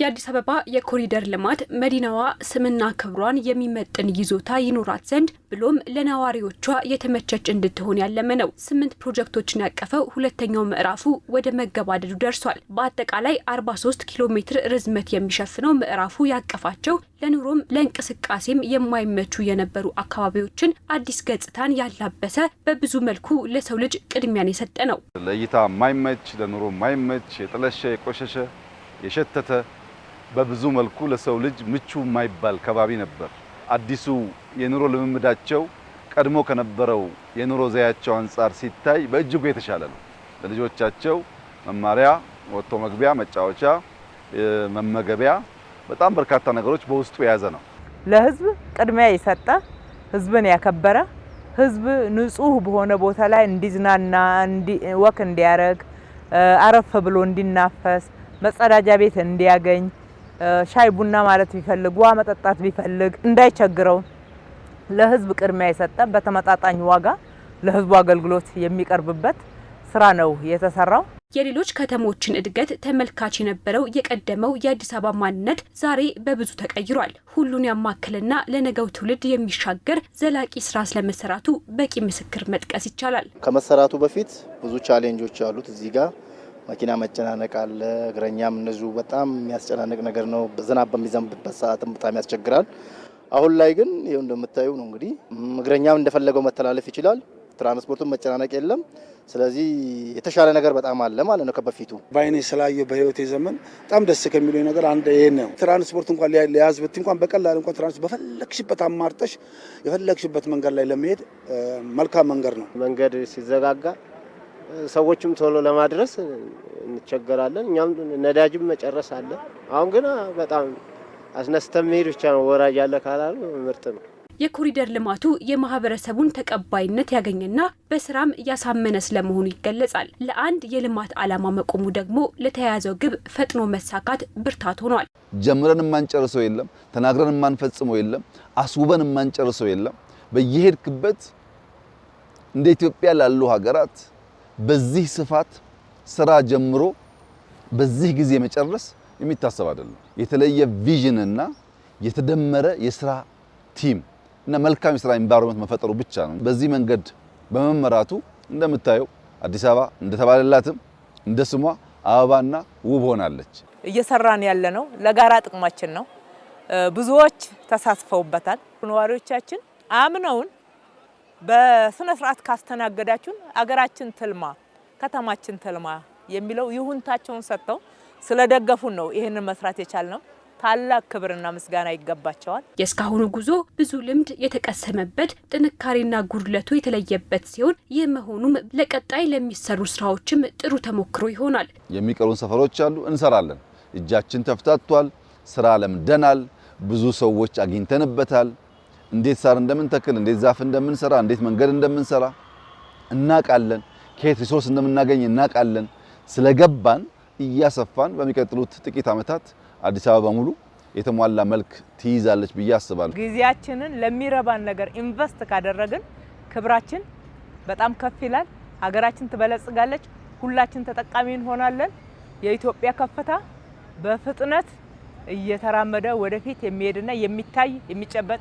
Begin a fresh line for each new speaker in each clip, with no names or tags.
የአዲስ አበባ የኮሪደር ልማት መዲናዋ ስምና ክብሯን የሚመጥን ይዞታ ይኖራት ዘንድ ብሎም ለነዋሪዎቿ የተመቸች እንድትሆን ያለመ ነው። ስምንት ፕሮጀክቶችን ያቀፈው ሁለተኛው ምዕራፉ ወደ መገባደዱ ደርሷል። በአጠቃላይ 43 ኪሎ ሜትር ርዝመት የሚሸፍነው ምዕራፉ ያቀፋቸው ለኑሮም ለእንቅስቃሴም የማይመቹ የነበሩ አካባቢዎችን አዲስ ገጽታን ያላበሰ በብዙ መልኩ ለሰው ልጅ ቅድሚያን የሰጠ ነው።
ለእይታ የማይመች ለኑሮ የማይመች የጠለሸ የቆሸሸ የሸተተ በብዙ መልኩ ለሰው ልጅ ምቹ የማይባል ከባቢ ነበር። አዲሱ የኑሮ ልምምዳቸው ቀድሞ ከነበረው የኑሮ ዘያቸው አንጻር ሲታይ በእጅጉ የተሻለ ነው። ለልጆቻቸው መማሪያ፣ ወጥቶ መግቢያ፣ መጫወቻ፣ መመገቢያ በጣም በርካታ ነገሮች በውስጡ የያዘ ነው።
ለህዝብ ቅድሚያ የሰጠ ህዝብን ያከበረ ህዝብ ንጹህ በሆነ ቦታ ላይ እንዲዝናና ወክ እንዲያረግ አረፍ ብሎ እንዲናፈስ መጸዳጃ ቤት እንዲያገኝ ሻይ ቡና ማለት ቢፈልግ ውሃ መጠጣት ቢፈልግ እንዳይቸግረው ለህዝብ ቅድሚያ የሰጠ በተመጣጣኝ ዋጋ ለህዝቡ አገልግሎት የሚቀርብበት ስራ ነው የተሰራው።
የሌሎች ከተሞችን እድገት ተመልካች የነበረው የቀደመው የአዲስ አበባ ማንነት ዛሬ በብዙ ተቀይሯል። ሁሉን ያማከልና ለነገው ትውልድ የሚሻገር ዘላቂ ስራ ስለመሰራቱ በቂ ምስክር መጥቀስ ይቻላል።
ከመሰራቱ በፊት ብዙ ቻሌንጆች ያሉት እዚህ ጋር መኪና መጨናነቅ አለ። እግረኛም እነዚሁ በጣም የሚያስጨናንቅ ነገር ነው። ዝናብ በሚዘንብበት ሰዓትም በጣም ያስቸግራል። አሁን ላይ ግን ይኸው እንደምታዩ ነው እንግዲህ እግረኛም እንደፈለገው መተላለፍ ይችላል። ትራንስፖርቱን መጨናነቅ የለም። ስለዚህ የተሻለ ነገር በጣም አለ ማለት ነው ከበፊቱ።
በአይኔ ስላየው በህይወቴ ዘመን በጣም ደስ ከሚለኝ ነገር አንድ ይሄ ነው። ትራንስፖርት እንኳን ሊያዝ ብት እንኳን በቀላል እንኳን ትራንስፖርት በፈለግሽበት አማርጠሽ የፈለግሽበት መንገድ ላይ ለመሄድ መልካም መንገድ ነው።
መንገድ ሲዘጋጋ ሰዎችም ቶሎ ለማድረስ እንቸገራለን። እኛም ነዳጅም መጨረስ አለ። አሁን ግን በጣም አስነስተ መሄድ ብቻ ነው። ወራጅ ያለ ካላሉ ምርጥ ነው።
የኮሪደር ልማቱ የማህበረሰቡን ተቀባይነት ያገኘና በስራም ያሳመነ ስለመሆኑ ይገለጻል። ለአንድ የልማት ዓላማ መቆሙ ደግሞ ለተያያዘው ግብ ፈጥኖ መሳካት ብርታት ሆኗል።
ጀምረን የማንጨርሰው የለም፣ ተናግረን የማንፈጽመው የለም፣ አስውበን የማንጨርሰው የለም። በየሄድክበት እንደ ኢትዮጵያ ላሉ ሀገራት በዚህ ስፋት ስራ ጀምሮ በዚህ ጊዜ መጨረስ የሚታሰብ አይደለም። የተለየ ቪዥንና የተደመረ የስራ ቲም እና መልካም የስራ ኢንቫይሮንመንት መፈጠሩ ብቻ ነው። በዚህ መንገድ በመመራቱ እንደምታየው አዲስ አበባ እንደተባለላትም እንደ ስሟ አበባና ውብ ሆናለች።
እየሰራን ያለ ነው፣ ለጋራ ጥቅማችን ነው። ብዙዎች ተሳትፈውበታል። ነዋሪዎቻችን አምነውን በስነ ስርዓት ካስተናገዳችሁን አገራችን ትልማ፣ ከተማችን ትልማ የሚለው ይሁንታቸውን ሰጥተው ስለደገፉን ነው ይህንን መስራት የቻልነው። ታላቅ ክብርና ምስጋና ይገባቸዋል።
የእስካሁኑ ጉዞ ብዙ ልምድ የተቀሰመበት ጥንካሬና ጉድለቱ የተለየበት ሲሆን ይህ መሆኑም ለቀጣይ ለሚሰሩ ስራዎችም ጥሩ ተሞክሮ ይሆናል።
የሚቀሩን ሰፈሮች አሉ፣ እንሰራለን። እጃችን ተፍታቷል፣ ስራ ለምደናል፣ ብዙ ሰዎች አግኝተንበታል። እንዴት ሳር እንደምንተክል፣ እንዴት ዛፍ እንደምንሰራ፣ እንዴት መንገድ እንደምንሰራ እናቃለን። ከየት ሪሶርስ እንደምናገኝ እናቃለን። ስለገባን እያሰፋን በሚቀጥሉት ጥቂት ዓመታት አዲስ አበባ ሙሉ የተሟላ መልክ ትይዛለች ብዬ አስባለሁ።
ጊዜያችንን ለሚረባን ነገር ኢንቨስት ካደረግን ክብራችን በጣም ከፍ ይላል። ሀገራችን ትበለጽጋለች። ሁላችን ተጠቃሚ እንሆናለን። የኢትዮጵያ ከፍታ በፍጥነት እየተራመደ ወደፊት የሚሄድና የሚታይ የሚጨበጥ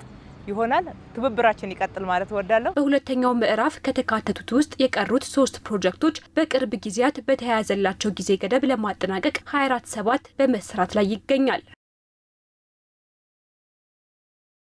ይሆናል። ትብብራችን ይቀጥል ማለት እወዳለሁ።
በሁለተኛው ምዕራፍ ከተካተቱት ውስጥ የቀሩት ሶስት ፕሮጀክቶች በቅርብ ጊዜያት በተያያዘላቸው ጊዜ ገደብ ለማጠናቀቅ 24 ሰባት በመስራት ላይ ይገኛል።